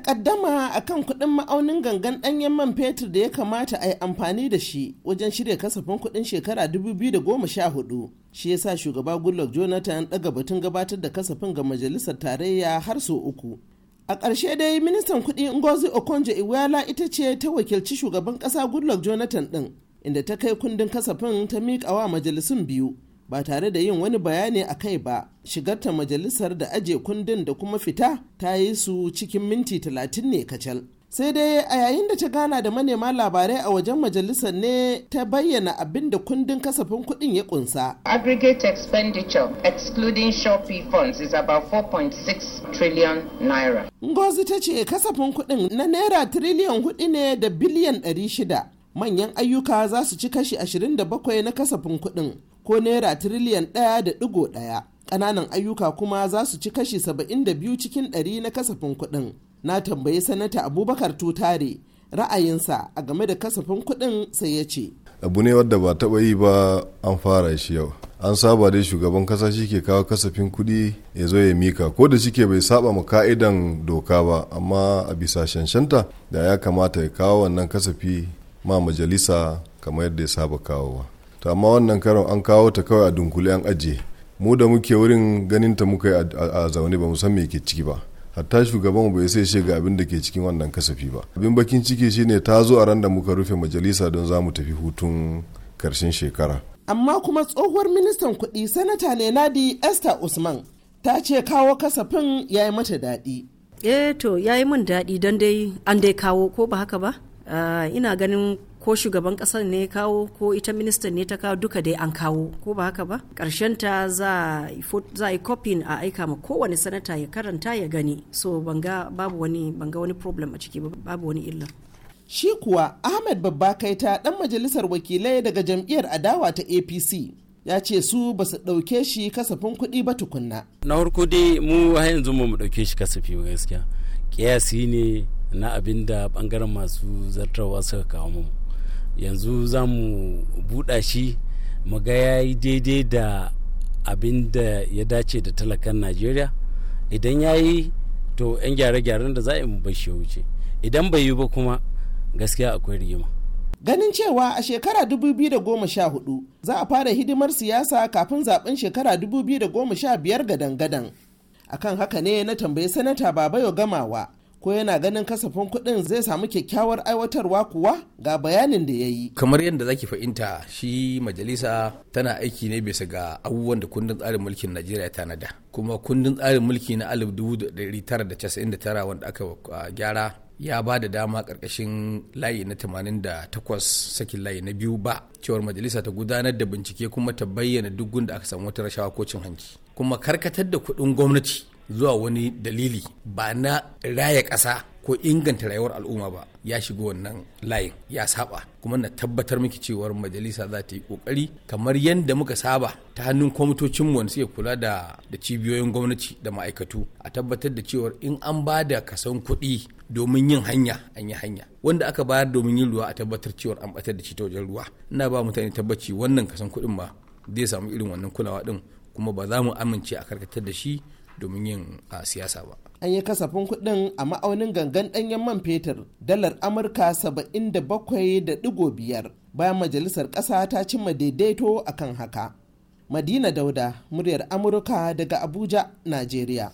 takaddama a kan kuɗin ma'aunin gangan ɗanyen man fetur da ya kamata a yi amfani da shi wajen shirya kasafin kuɗin shekara 2014 shi ya sa shugaba goodluck jonathan daga batun gabatar da kasafin ga majalisar tarayya har sau uku a ƙarshe dai ministan kuɗi ngozi okonjo iweala ita ce ta wakilci shugaban ƙasa goodluck jonathan ɗin inda ta kai kundin kasafin ta miƙawa wa majalisun biyu ba tare da yin wani bayani a kai ba shigarta majalisar da aje kundin da kuma fita ta yi su cikin minti talatin ne kacal sai dai a yayin da ta gana da manema labarai a wajen majalisar ne ta bayyana abin da kundin kasafin kuɗin ya kunsa. aggregate expenditure excluding shopee funds is about 4.6 trillion naira ngozi ta ce kasafin kuɗin na naira triliyan hudu ne da biliyan 600 manyan ayyuka za su ci kashi 27 na kasafin kuɗin ko naira tiriliyan ɗaya da ɗigo ɗaya ƙananan ayyuka kuma za su ci kashi saba'in da biyu cikin ɗari na kasafin kuɗin na tambayi sanata abubakar tutare ra'ayinsa a game da kasafin kuɗin sai ya ce abu ne wadda ba taɓa yi ba an fara shi yau an saba dai shugaban kasa shi ke kawo kasafin kuɗi ya zo ya mika ko da shi ke bai saba ma ka'idan doka ba amma a bisa shanshanta da ya kamata ya kawo wannan kasafi ma majalisa kamar yadda ya saba kawowa to amma wannan karon an kawo ta kawai a dunkule an ajiye mu da muke wurin ganin ta muka yi a zaune ba mu san me ke ciki ba hatta shugaban bai sai shi ga abin da ke cikin wannan kasafi ba abin bakin ciki shine ta zo a ran da muka rufe majalisa don za mu tafi hutun karshen shekara amma kuma tsohuwar ministan kuɗi sanata ne nadi esther usman ta ce kawo kasafin ya yi mata daɗi eh to ya yi min daɗi don dai an dai kawo ko ba haka ba ah, ina ganin ko shugaban kasar ne kawo ko ita ministan ne ta kawo duka dai an kawo ko ba haka ba ta za a yi kofin a aika ma kowane sanata ya karanta ya gani so banga babu wani banga wani problem a ciki babu wani illa shi kuwa ahmed babba kaita dan majalisar wakilai daga jam'iyyar adawa ta apc ya ce su ba su ɗauke shi kasafin kuɗi ba tukunna na farko dai mu har yanzu mu ɗauke shi kasafi gaskiya kiyasi ne na abinda bangaren masu zartarwa suka kawo mu yanzu za mu buɗa shi mu ga ya yi daidai da abin da ya dace da talakan najeriya idan ya yi to 'yan gyare-gyaren da za a yi bashi ya wuce idan bai yi ba kuma gaskiya akwai rigima ganin cewa a shekara 2014 za a fara hidimar siyasa kafin zaben shekara 2015 gadan-gadan akan haka ne na tambayi sanata babayo gamawa ko yana ganin kasafin kuɗin zai samu kyakkyawar aiwatarwa kuwa ga bayanin da ya yi. Kamar yadda zaki fahimta shi majalisa tana aiki ne bisa ga abubuwan da kundin tsarin mulkin Najeriya ya tanada. Kuma kundin tsarin mulki na 1999 wanda aka gyara ya ba da dama karkashin layi na 88 sakin layi na biyu ba cewar majalisa ta gudanar da bincike kuma ta bayyana duk gunda aka samu wata rashawa ko cin hanci kuma karkatar da kuɗin gwamnati zuwa wani dalili ba na raya ƙasa ko inganta rayuwar al'umma ba ya shigo wannan layin ya saba kuma na tabbatar miki cewar majalisa za ta yi kokari kamar yadda muka saba ta hannun kwamitocin mu wanda suke kula da da cibiyoyin gwamnati da ma'aikatu a tabbatar da cewar in an ba da kasan kuɗi domin yin hanya an yi hanya wanda aka bayar domin yin ruwa a tabbatar cewar an batar da shi ta wajen ruwa ina ba mutane tabbaci wannan kasan kuɗin ma zai samu irin wannan kulawa ɗin kuma ba za mu amince a karkatar da shi domin yin siyasa ba an yi kasafin kuɗin a ma'aunin gangan ɗanyen man fetur dalar amurka biyar bayan majalisar ƙasa ta cimma daidaito a kan haka madina dauda muryar amurka daga abuja najeriya